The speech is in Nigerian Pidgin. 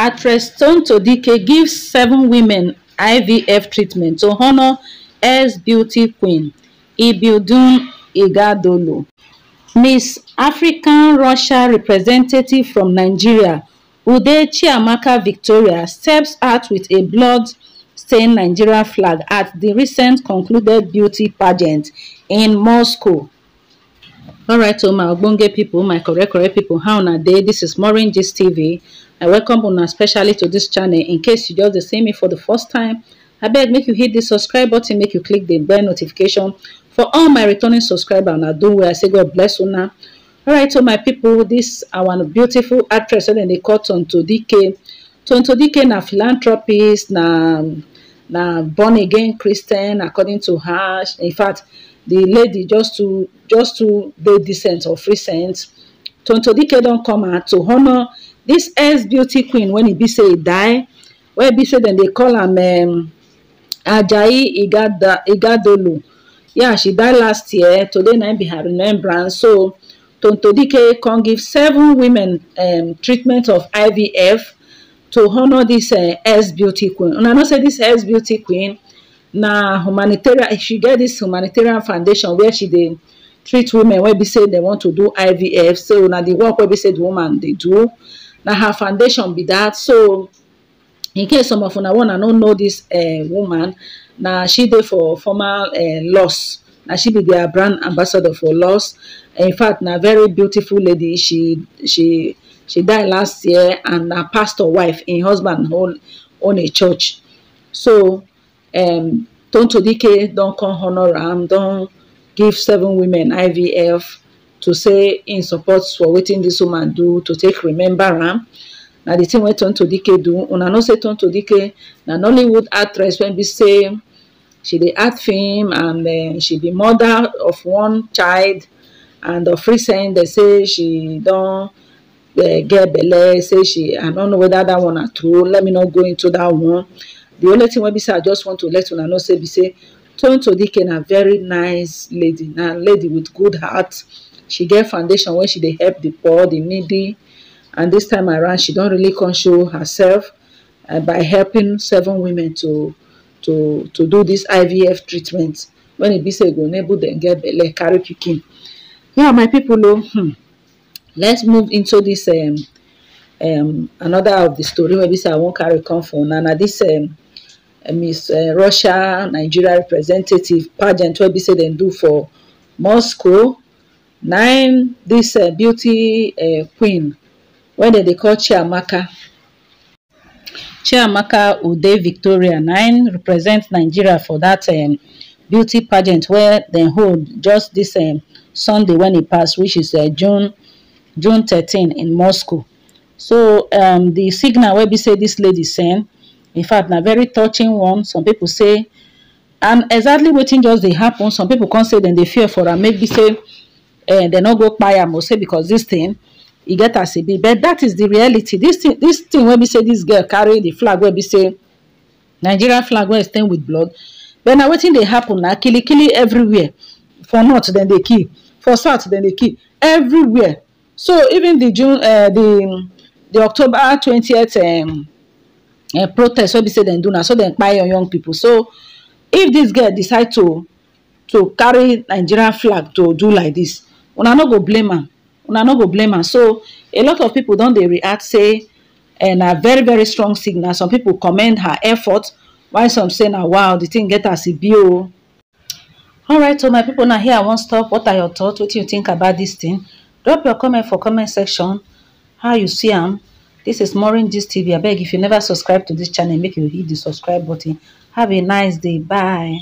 Actress Tonto Dike gives seven women IVF treatment to honor ex-beauty queen Ibildun Igadolu, Miss African Russia representative from Nigeria, Ude Chiamaka Victoria, steps out with a blood-stained Nigeria flag at the recent concluded beauty pageant in Moscow alright o oh my ogbonge people, my correct correct people, how una day? This is maureen gist tv i welcome una especially to this channel in case you just see me for the first time I beg make you hit the subscribe button make you click the bell notification for all my returning subscribers I do where i say god bless you una alright o oh my pipo dis our beautiful actress wey dem dey call tonto dike tonto DK na philanthropist na na born again christian according to her in fact the lady just to just to dey decent or recent tonto dike don come out to honour this ex beauty queen when e be say e die wey e be say dem dey call am um, ajayi igadolu yeah she die last year today na be her remembrance so tonto dike come give seven women um, treatment of ivf to honour dis uh, S beauty queen and I know say this S beauty queen na humanitarian she get this humanitarian foundation where she dey treat women Where they say they want to do ivf so na the work where they say di woman they do na her foundation be that. so in case some of una want, no know dis uh, woman na she there for formal uh, loss na she be their brand ambassador for loss in fact na very beautiful lady she she she died last year and her pastor wife and husband own, own a church so um tonto dike don't come honor Don't give seven women ivf to say in support for waiting. This woman do to take remember am Now the thing wey tonto dike do una know say tonto dike Now nollywood actress when they say she the act film and uh, she be mother of one child and of recent they say she don't. uh, get belle say she i don't know whether that one na true let me not go into that one the only thing wey be say i just want to let una know say be say Toyin Todike na very nice lady na lady with good heart she get foundation wey she dey help the poor the needy and this time around she don really come show herself uh, by helping seven women to to to do this ivf treatment when e be say e go enable dem get belle carry pikin yeah my people o oh, hmm, let's move into this um um another of the story maybe say i won't carry come for nana this um uh, miss uh, russia nigeria representative pageant wey be said and do for moscow nine this uh, beauty uh, queen wey did they call chiamaka chiamaka ude victoria nine represent nigeria for that um, beauty pageant where they hold just this um, sunday when it passed, which is uh, june june 13 in moscow so um, di signal wey be say this lady send in fact na very touching one some people say and exactly wetin just dey happen some people come say dem dey fear for am maybe say eh, dem no go kpai am or say because this thing e get as e be but that is the reality This thing this thing wey be say this girl carry the flag wey be say nigeria flag wey stain with blood but na wetin dey happen na kilikili everywhere for north dem dey kill for south dem dey kill everywhere So even the June, uh, the the October 20th um, uh, protest, what they say they do now, so they inquire on young people. So if this girl decide to to carry Nigerian flag to do like this, we una no go blame her. we Una no go blame her. So a lot of people don't they react say and eh, a very very strong signal. Some people commend her effort, while some say na wow, the thing get as e be o. Oh. Alright, so my people, na here I wan stop. What are your thoughts? What do you think about this thing? drop your comment for comment section how you see am this is maureen gist tv abeg if you never subscribe to this channel make you hit the subscribe button have a nice day bye